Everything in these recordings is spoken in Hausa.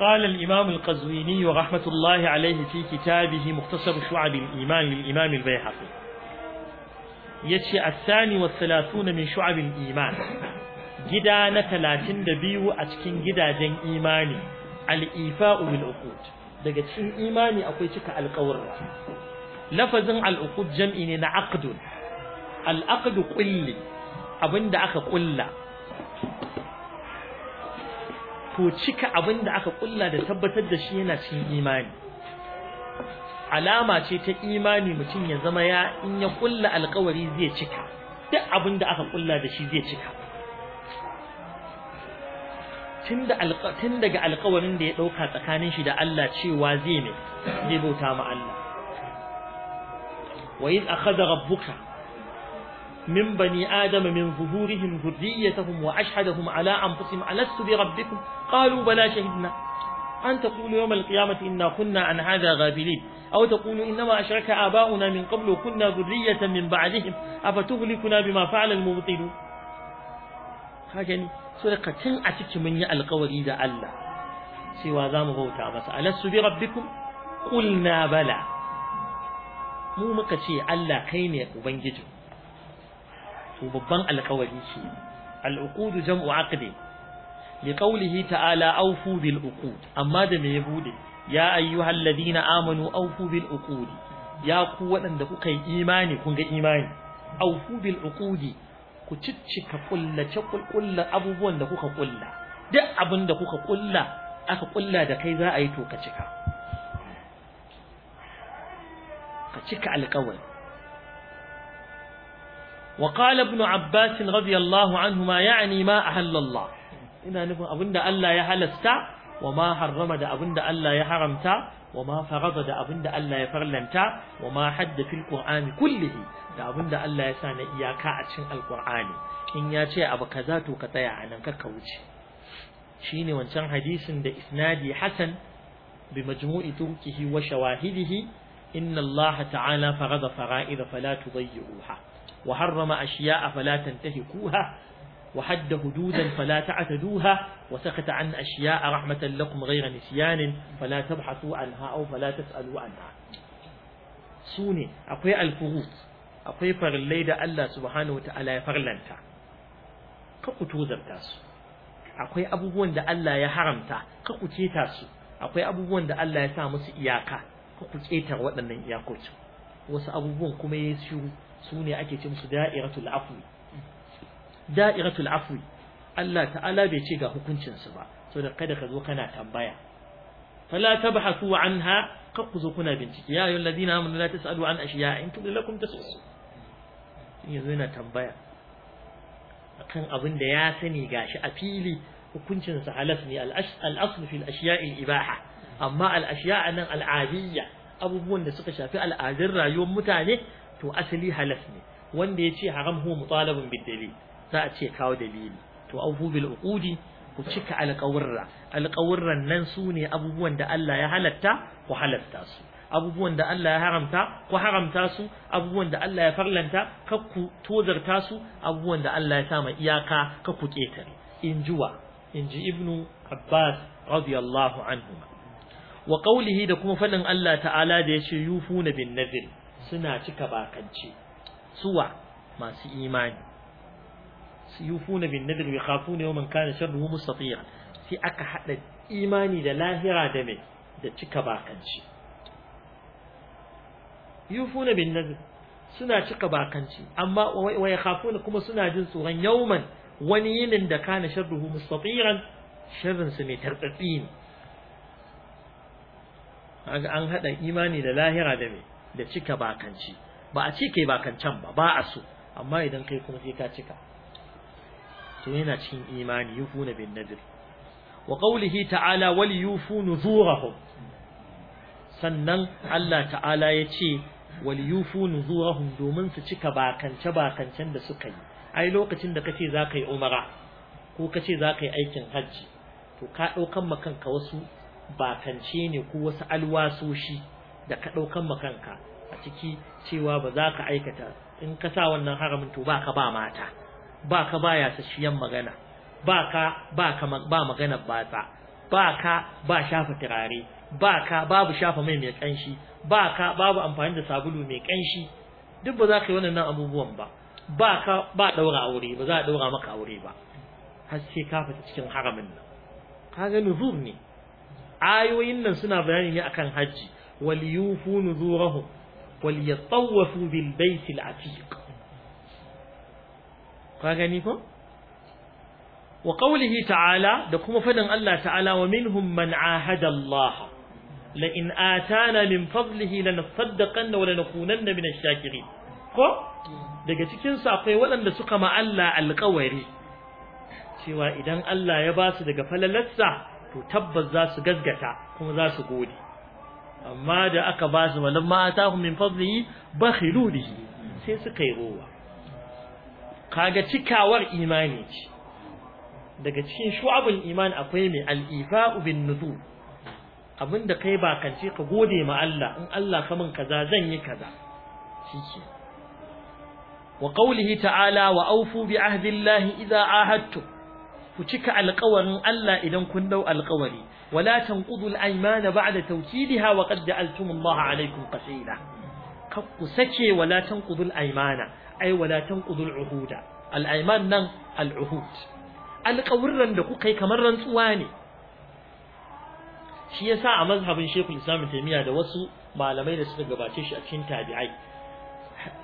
قال الإمام القزويني ورحمة الله عليه في كتابه مختصر شعب الإيمان للإمام البيحقي يتشي الثاني والثلاثون من شعب الإيمان جدا نتلاتين دبيو أتكين جدا جن إيماني الإيفاء بالعقود daga cikin imani akwai cika alƙawarra lafazin al'uqud jam'i ne na aqdun al'aqdu kulli abinda aka kulla Ko cika abin da aka kulla da tabbatar da shi yana cikin imani alama ce ta imani mutum ya zama ya in ya kulla alkawari zai cika duk abin da aka kulla da shi zai cika tun daga alkawarin da ya ɗauka tsakanin shi da Allah cewa zai ne zai bauta ma Allah wa iz akhadha rabbuka من بني آدم من ظهورهم ذريتهم وأشهدهم على أنفسهم ألست بربكم قالوا بلى شهدنا أن تقول يوم القيامة إنا كنا عن هذا غافلين أو تقول إنما أشرك آباؤنا من قبل وكنا ذرية من بعدهم أفتهلكنا بما فعل المبطلون هاجني سرقة تنعتك من يألقى وليد الله سوى ذام غوتا بس ألست بربكم قلنا بلى مو muka ce Allah kai to babban alƙawari ce al'uqud jam'u aqdi li qawlihi ta'ala awfu bil uqud amma da me ya bude ya ayyuhal ladina amanu awfu bil uqud ya ku waɗanda kuka yi imani kun ga imani awfu bil uqud ku ciccika kullace kulla abubuwan da kuka kulla duk abin da kuka kulla aka kulla da kai za a yi to ka cika ka cika alƙawari وقال ابن عباس رضي الله عنهما يعني ما أهل الله إن نفهم أبن الله يحلست وما حرم دا أبن الله يحرمت وما فرض دا أبن الله يفرلمت وما حد في القرآن كله دا أبن الله يسان إياكا أتشن القرآن إن ياتي أبا كذاتو كتايا عنك كوج شيني وانشان حديث دا إسنادي حسن بمجموع تركه وشواهده إن الله تعالى فرض فرائض فلا تضيعوها وحرم أشياء فلا تنتهكوها وحد حدودا فلا تعتدوها وسكت عن أشياء رحمة لكم غير نسيان فلا تبحثوا عنها أو فلا تسألوا عنها سوني أقوي الفروض أقوي فرلي دا الله سبحانه وتعالى فرلنتا كقتوزر تاسو أقوي أبوبون دا الله يحرمتا كقتي تاسو أقوي أبوبون دا الله يسامس إياكا كقتي تغوطنا إياكوتو wasu abubuwan kuma ya shiru su ne ake ce musu da'iratul afwi da'iratul afwi Allah ta'ala bai ce ga hukuncinsu ba saboda kada ka zo kana tambaya fala tabhasu anha kakku zo kuna bincike ya ayyuhal ladina amanu la tasalu an ashiya in tudu lakum tasus in yanzu yana tambaya akan abin da ya sani gashi a fili hukuncin sa halas ne al-asl fi al-ashiya al-ibaha amma al-ashiya nan al-adiyya abubuwan da suka shafi al'adun rayuwar mutane to asali halas ne wanda ya ce haram huwa mutalabun bid za a ce kawo dalili to awfu bil uqudi ku cika alƙawurra alƙawurran nan su ne abubuwan da Allah ya halatta ku halatta su abubuwan da Allah ya haramta ku haramta su abubuwan da Allah ya farlanta kar ku tozarta su abubuwan da Allah ya sama iyaka kar ku ketare in inji in ibnu abbas radiyallahu anhu wa qawlihi da kuma fadin Allah ta'ala da yace yufuna bin nazir suna cika bakance suwa masu imani yufuna bin nadr yakhafuna yawman kana sharruhu mustatira sai aka hada imani da lahira da mai da cika bakanci yufuna bin nadr suna cika bakanci amma wa yakhafuna kuma suna jin tsoron yawman wani yinin da kana sharruhu mustatiran sharrin su mai tartsatsi ne an hada imani da lahira da mai da cika bakanci ba a ce kai bakancan ba ba a so amma idan kai kuma sai ka cika to yana cikin imani yufuna bin nadir wa qawlihi ta'ala wal yufu nuzurahum sannan Allah ta'ala ya ce wal yufu nuzurahum domin su cika bakance bakancen da suka yi ai lokacin da kace za ka yi umara ko kace za ka yi aikin hajji to ka daukan ma kanka wasu bakance ne ko wasu alwasoshi da ka ɗaukan makanka a ciki cewa ba za ka aikata in ka sa wannan haramin to ba ka ba mata ba ka ba sashiyan magana ba ka ba ka ba magana ta ba ka ba shafa turare ba ka babu shafa mai mai kanshi ba ka babu amfani da sabulu mai kanshi duk ba za ka yi wannan abubuwan ba ba ka ba daura aure ba za a daura maka aure ba har sai ka fita cikin haramin nan kaga nuhur ne ayoyin nan suna bayani ne akan hajji. وليوفوا نذورهم وليطوفوا بالبيت العتيق قاغنيكو وقوله تعالى دكما فدن الله تعالى ومنهم من عاهد الله لئن آتانا من فضله لنصدقن ولنكونن من الشاكرين ko daga cikin su akwai waɗanda suka ma Allah alƙawari cewa idan Allah ya ba su daga falalarsa to tabbas za su gazgata kuma za su gode amma da aka ba su walin ma min fadlihi bakhilu bihi sai suka yi rowa kaga cikawar imani ce daga cikin shu'abul iman akwai mai al-ifa'u bin nuzul abinda kai ba kance ka gode ma Allah in Allah ka min kaza zan yi kaza shike wa qawlihi ta'ala wa awfu bi ahdillahi idza ahadtum ku cika alƙawarin Allah idan kun dau alƙawari wala tanqudul aymana ba'da tawkidiha wa qad ja'altum Allah alaykum qasida ka ku sake wala tanqudul aymana ay wala tanqudul uhuda al ayman nan al uhud da kuka yi kamar rantsuwa ne shi yasa a mazhabin Sheikhul Islam Taymiyyah da wasu malamai da suka gabace shi a cikin tabi'ai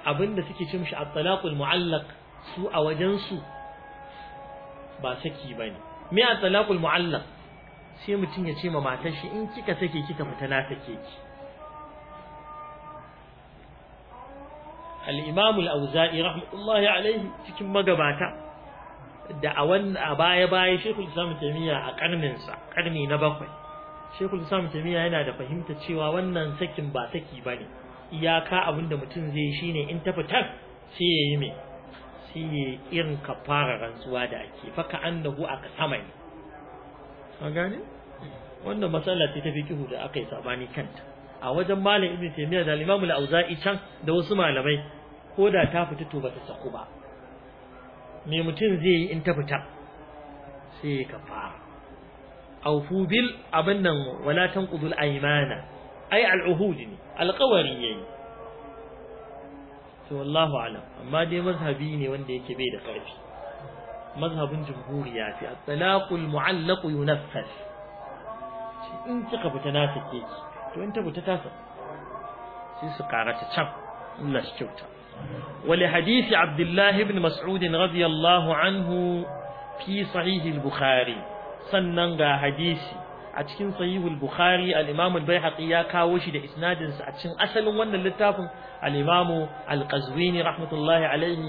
abinda suke ce mishi at-talaqul mu'allaq su a wajen su ba saki bane me a talaqul mu'allaq sai mutum ya ce ma matar shi in kika sake kika fita na sake ki al-imam al-auza'i rahmatullahi alayhi cikin magabata da a wannan a baya baya shekul islam tamiya a karnin sa karni na bakwai shekul islam tamiya yana da fahimta cewa wannan sakin ba saki bane iyaka abinda mutum zai shine in ta fitar sai ya yi mai shine irin kafara rantsuwa da ake faka annahu aka sama ne an gane wannan matsala ce ta da aka yi sabani kanta a wajen malam ibn taymiyyah da imam al-auza'i can da wasu malamai ko da ta fita to bata saku ba me mutum zai yi in ta fita sai kafara awfu bil abin nan wala tanqudul aymana Ai al-uhud ne alqawari yayi to wallahu alam amma dai mazhabi ne wanda yake bai da karfi mazhabin jumhuri ya fi at-talaqul mu'allaq yunaffas in kika fita na sake ki to in ta fita ta sai su karata can Allah shi kyauta wali hadisi Abdullah ibn Mas'ud radiyallahu anhu fi sahih al-Bukhari sannan ga hadisi a cikin sahihul bukhari al-imam al-baihaqi ya kawo shi da isnadin sa a cikin asalin wannan littafin al-imam al-qazwini rahmatullahi alaihi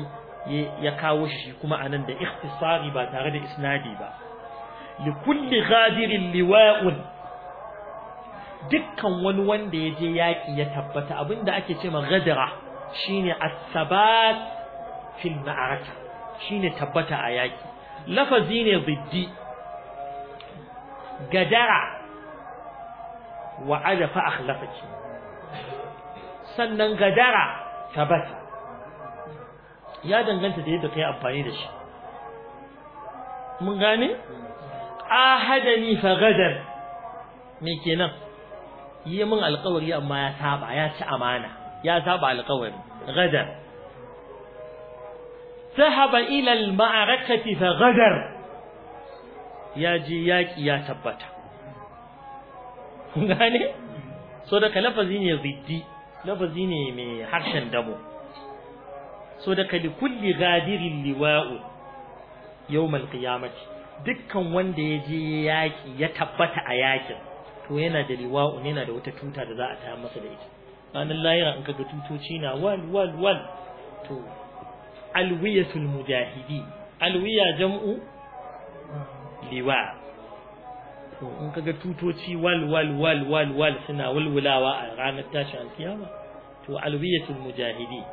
ya kawo shi kuma anan da ikhtisari ba tare da isnadi ba likulli ghadirin liwa'un dukkan wani wanda ya je yaƙi ya tabbata abinda ake ce ghadara shine as-sabat fil ma'araka shine tabbata a yaƙi lafazi ne biddi gadara wa ana fa akhlafaki sannan gadara tabata ya danganta da yadda kai amfani da shi mun gane ahadani fa gadar me kenan yi min alƙawari amma ya saba ya ci amana ya saba alƙawari gadar ذهب إلى المعركة فغدر ya je yaƙi ya tabbata gane so daga lafazi ne ziddi lafazi ne mai harshen dabo so daga likulli gadirin liwa'u yawmal qiyamati dukkan wanda ya je yaƙi ya tabbata a yaƙin to yana da liwa'u yana da wata tuta da za a taya masa da ita ranar layira in kaga tutoci na wal wal wal to alwiyatul mujahidi alwiya jam'u liwa to in kaga tutoci wal wal wal wal wal suna walwulawa a ranar tashin alkiyama to alwiyatul mujahidi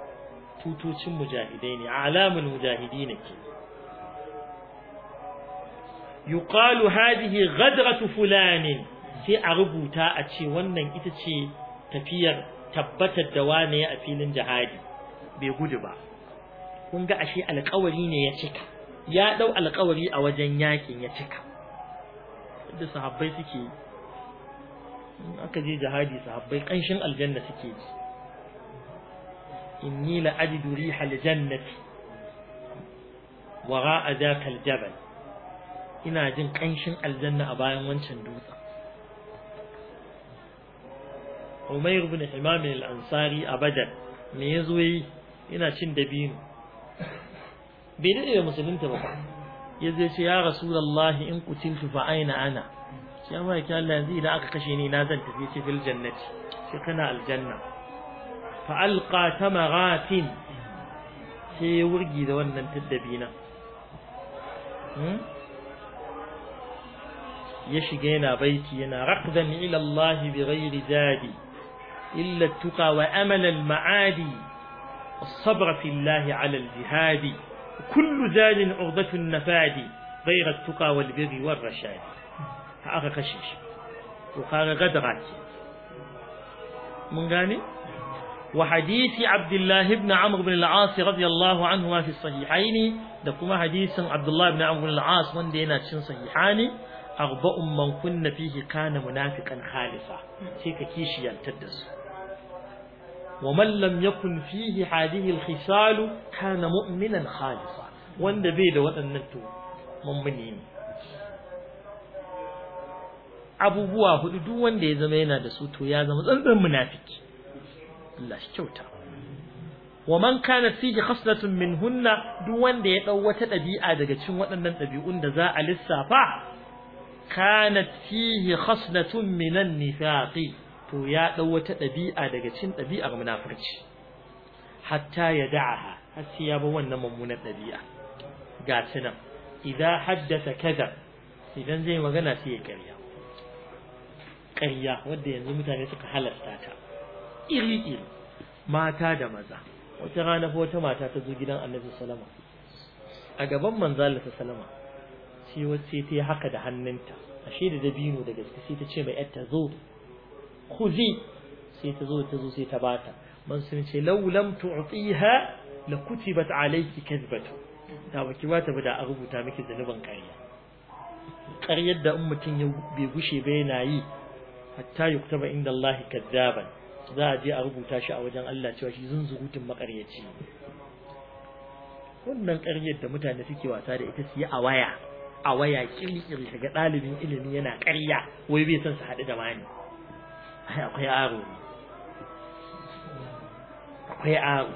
tutocin mujahidai ne alamul mujahidi ne ke yuqalu hadhihi ghadratu fulanin sai a rubuta a ce wannan ita ce tafiyar tabbatar da wane a filin jihadi bai gudu ba kun ga ashe alƙawari ne ya cika ya dau alƙawari a wajen yakin ya cika da sahabbai suke yi aka je jihadi sahabbai kanshin aljanna suke ji inni la ajidu riha aljannati wara'a dhaka aljabal ina jin kanshin aljanna a bayan wancan dutsen Umair ibn Himam al-Ansari a Badar me yazo yi ina cin dabino bai dade musulunta ba ya zai ce ya rasulullahi in kutiltu fa aina ana shi amma ya Allah yanzu idan aka kashe ni na zan tafi ce fil jannati shi kana aljanna fa alqa tamaratin sai ya wurgi da wannan taddabi na ya shiga yana baiti yana raqdan ila Allah bighairi zadi illa tuqa wa amala al ma'adi الصبر في الله على الجهاد كل زال عقدة النفاد غير التقى والبر والرشاد هذا كشش وقال غدرات من غاني وحديث عبد الله بن عمرو بن العاص رضي الله عنهما في الصحيحين دكما حديث عبد الله بن عمرو بن العاص من دينا تشن صحيحاني اغبؤ من كن فيه كان منافقا خالصا شيك كيشي يلتدس ومن لم يكن فيه هذه الخصال كان مؤمنا خالصا وند بيد ودنتو مؤمنين abubuwa hudu duk wanda ya zama yana da su to ya zama tsantsan munafiki Allah shi kyauta wa man kana fihi khaslatun minhunna duk wanda ya ɗau wata ɗabi'a daga cikin waɗannan dabi'un da za a lissafa kanat fihi khaslatun minan nifaqi to ya ɗau wata ɗabi'a daga cin ɗabi'ar munafurci hatta ya da'aha har sai ya ba wannan mummunar ɗabi'a ga tunan idan haddasa kaza idan zai magana sai ya karya ƙarya wanda yanzu mutane suka halasta ta iri iri mata da maza wata rana ko wata mata ta zo gidan annabi salama a gaban manzo Allah salama sai wacce ta yi haka da hannunta ashe da dabino da gaske sai ta ce mai yarta zo khuzi sai ta zo ta zo sai ta bata man sun ce law lam tu'tiha la kutibat alayki kadhbatu da baki ba ta da a rubuta miki zanuban karya. Karyar da in mutum ya bai gushe ba yana yi hatta yuktaba inda Allah kadzaban za a je a rubuta shi a wajen Allah cewa shi zunzurutun makaryaci wannan karyar da mutane suke wasa da ita su yi a waya a waya kirkiri daga ɗalibin ilimi yana ƙarya wai bai son su haɗu da wani akwai aro akwai aro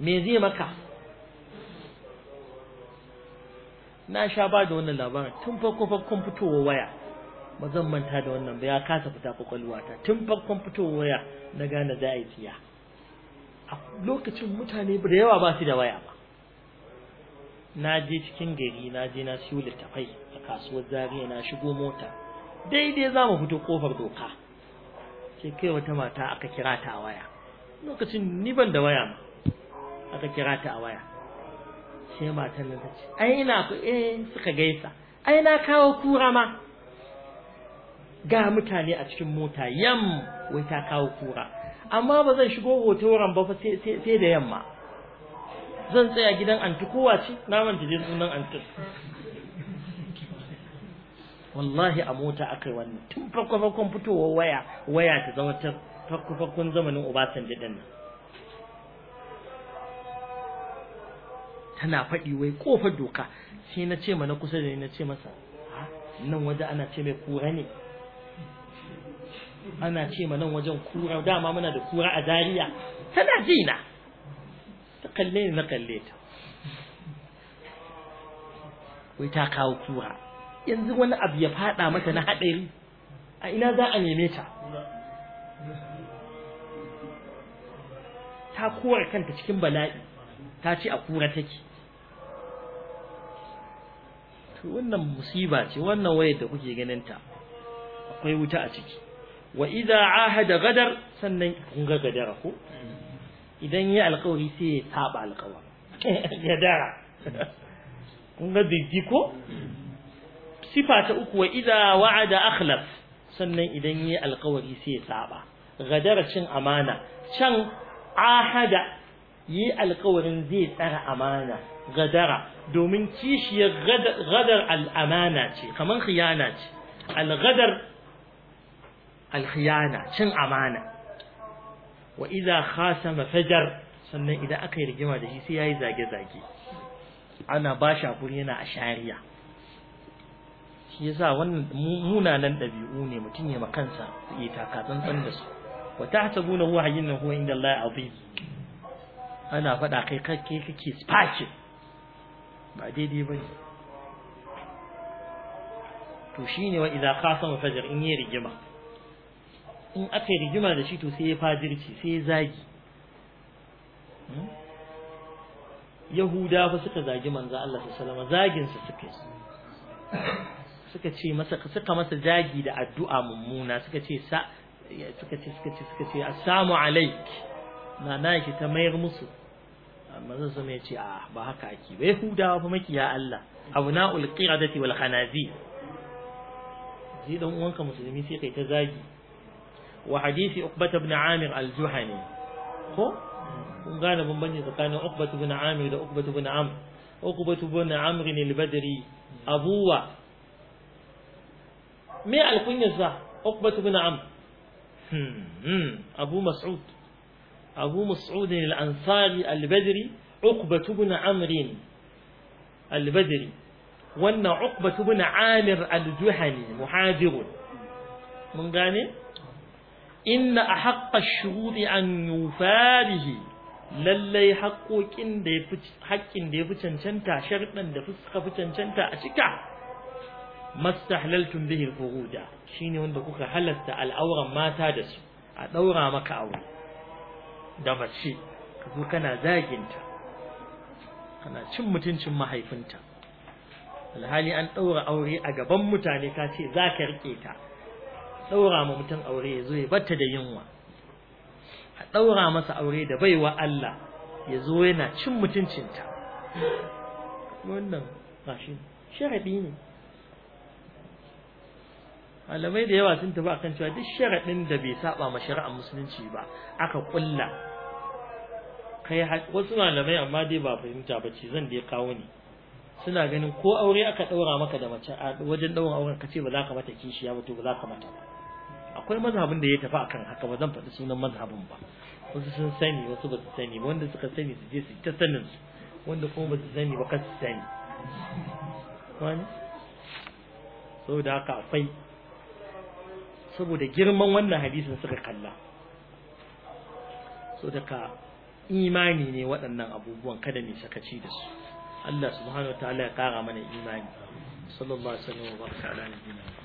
me zai maka na sha ba da wannan labarin tun farko farkon fitowa waya mazan manta da wannan ba ya kasa fita kwakwalwata tun farkon fitowa waya na gane za a yi tiya a lokacin mutane da yawa ba su da waya ba na je cikin gari na je na siyo littafai a kasuwar zariya na shigo mota daidai za mu fito kofar doka ce kai wata mata aka kira ta a waya lokacin ni ban da waya ma aka kira ta a waya sai matan nan ta ce ai ina ku eh suka gaisa ai na kawo kura ma ga mutane a cikin mota yam wai ta kawo kura amma ba zan shigo hotoran ba fa sai da yamma zan tsaya gidan anti kowa ce na manta je sunan anti wallahi a mota yi wannan tun farko farkon fitowar waya waya ta zama ta farko farkon zamanin Obasanjo din nan tana faɗi wai kofar doka sai na ce mana kusa da ni na ce masa nan waje ana ce mai kura ne ana ce ma nan wajen kura dama muna da kura a dariya tana jina? ta kalle ni na kalle ta wai ta kawo kura yanzu wani abu ya fada mata na haɗari a ina za a neme ta ta kowar kanta cikin bala'i ta ce a kura take to wannan musiba ce wannan wayar da kuke ganin ta akwai wuta a ciki wa idza ahada gadar sannan kun ga gadar ko idan ya alƙawari sai ya saba alƙawari gadara kun ga ko sifa ta uku wa idza wa'ada akhlaf sannan idan yi alkawari sai ya saba gadara cin amana can ahada yi alkawarin zai tsara amana gadara domin kishiyar gadar al'amana ce kamar khiyana ce al- alkhiyana cin amana wa idza khasama fajar sannan idan aka yi rigima da shi sai yayi zage-zage ana ba shi yana a shari'a shi yasa wannan munanan dabi'u ne mutum ya makansa ya taka tsantsan da su wa tahsabuna huwa hayyun huwa inda Allah azim ana faɗa kai kake kake space ba daidai bane to shine wa idza qasama fajr in yi rigima in aka yi rigima da shi to sai ya fajirci sai ya zagi hmm? Yahuda fa suka zagi manzo Allah sallallahu alaihi wasallam zagin su suka yi suka ce masa suka masa zagi da addu'a mummuna suka ce sa suka ce suka ce suka ce assalamu alaik nana ki ta mayar musu manzon sa ya ce ah ba haka ake bai hudawa fa ya Allah abu na abna'ul qiradati wal khanazi ji dan uwanka musulmi sai kai ta zagi wa hadisi uqbata ibn amir al-juhani ko kun gane bambanci tsakanin uqbata ibn amir da uqbata ibn amr uqbata ibn amr ne al-badri abuwa me alkunyarsa uqbatu bin am abu mas'ud abu mas'ud al-ansari al-badri uqbatu bin amrin al-badri wannan uqbatu bin amir al-juhani muhajirun mun gane inna ahaqqa ash-shuruti an yufarihi lallai haƙoƙin da ya fi haƙƙin da ya fi cancanta sharɗan da suka fi cancanta a cika mastahlaltum bihi alquruja shine wanda kuka halasta al'auran mata da su a daura maka aure da mace kazo kana zaginta kana cin mutuncin mahaifinta alhali an daura aure a gaban mutane ka ce za rike ta daura ma mutum aure ya zo ya batta da yunwa a daura masa aure da baiwa Allah yazo yana cin mutuncinta wannan ba ne malamai da yawa sun tafi akan cewa duk sharaɗin da bai saba ma shari'ar musulunci ba aka kulla kai wasu malamai amma dai ba fahimta ba ce zan dai kawo ne suna ganin ko aure aka ɗaura maka da mace a wajen ɗaura auren ka ce ba za ka mata kishiya ba to ba za ka mata ba akwai mazhabin da ya tafi akan haka ba zan faɗi sunan mazhabin ba wasu sun sani wasu ba su sani wanda suka sani su je su ta sanin su wanda kuma ba su sani ba ka su sani wani saboda haka akwai saboda girman wannan hadisin suka kalla so daga imani ne waɗannan abubuwan kada mai sakaci da su Allah subhanahu wa ta'ala ya kara mana imani sallallahu alaihi wa sallam wa baraka ala nabiyina